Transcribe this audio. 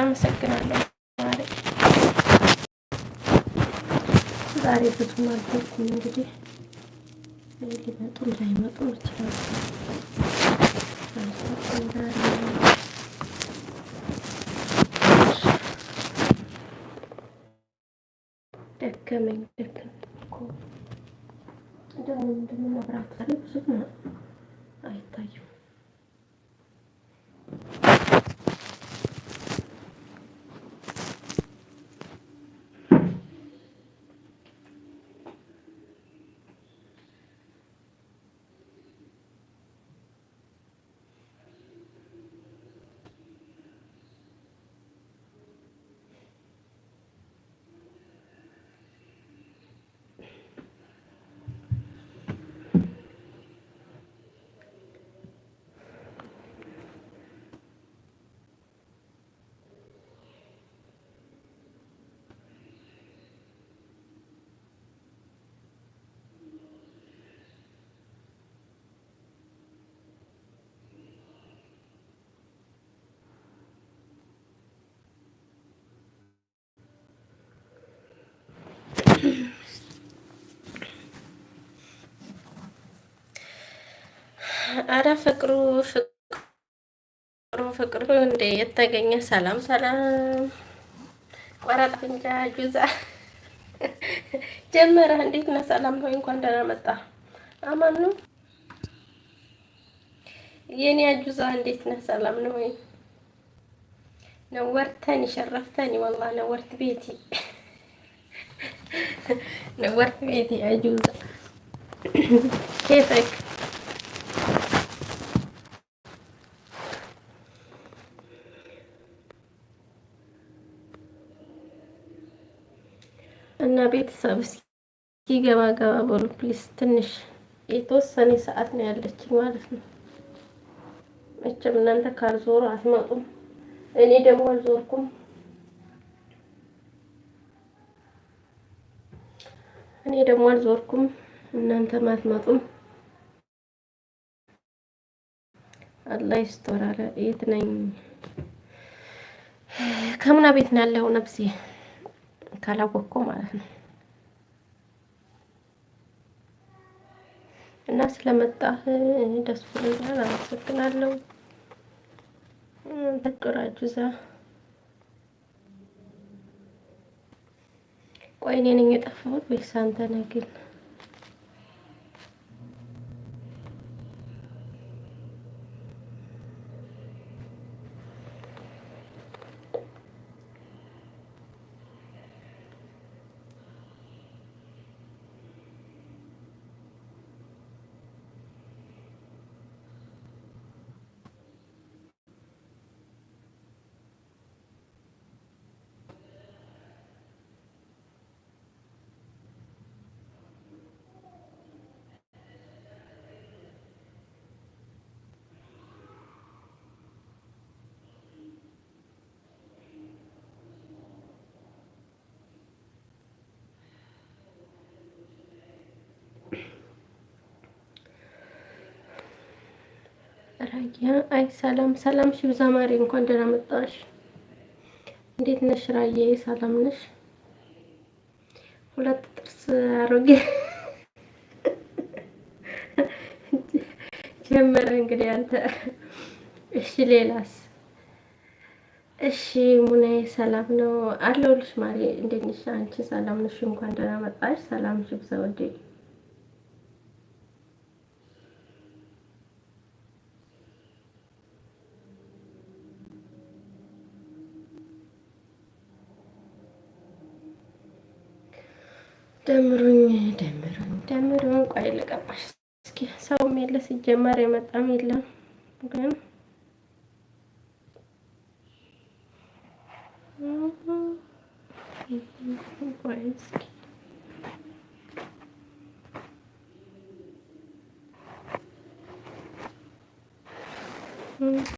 አመሰግናለሁ። ዛሬ ብዙ አልፈልኩም። እንግዲህ ሊመጡም ላይመጡም ይችላሉ። ደከመኝ ደከመኝ እኮ ደግሞ መብራት ብዙ አይታየም። አረ ፍቅሩ ፍቅሩ ፍቅሩ እንደ የተገኘ ሰላም ሰላም ቆራጥ ፍንጃ ጁዛ ጀመረ። እንዴት ነህ? ሰላም ሆይ፣ እንኳን ደህና መጣ። አማን ነው የኔ ጁዛ፣ እንዴት ነህ? ሰላም ነው ወይ? ነወርተኒ ሸረፍተኒ والله ነወርት ቤቲ ነወርት ቤቲ አጁዛ ኬፈክ እና ቤተሰብ እስኪ ገባ ገባ በሉ ፕሊስ። ትንሽ የተወሰነ ሰዓት ነው ያለችኝ ማለት ነው። መቼም እናንተ ካልዞሩ አትመጡም። እኔ ደግሞ አልዞርኩም። እኔ ደግሞ አልዞርኩም፣ እናንተም አትመጡም። አላህ ይስጦራል። የት ነኝ? ከሙና ቤት ነው ያለው ነብሴ ካላወቅኩ ማለት ነው። እና ስለመጣህ ደስ ብሎኛል። አመሰግናለሁ። ተቀራጁ እዛ ቆይ እኔ ነኝ የጠፋሁት ወይስ አንተ ነህ ግን? ራያ አይ ሰላም ሰላም ሺ ብዛ ማሪ እንኳን ደህና መጣሽ። እንዴት ነሽ ራዬ? ሰላም ነሽ? ሁለት ጥርስ አሮጌ ጀመረ እንግዲህ አንተ። እሺ ሌላስ? እሺ ሙኔ ሰላም ነው አለሁልሽ። ማሪ እንዴት ነሽ አንቺ? ሰላም ነሽ? እንኳን ደህና መጣሽ። ሰላም ሺ ወዴ ደምሩኝ ደምሩኝ ደምሩኝ። ቆይ ልቀማሽ እስኪ። ሰውም የለ ሲጀመር የመጣም የለም ግን ቆይ እስኪ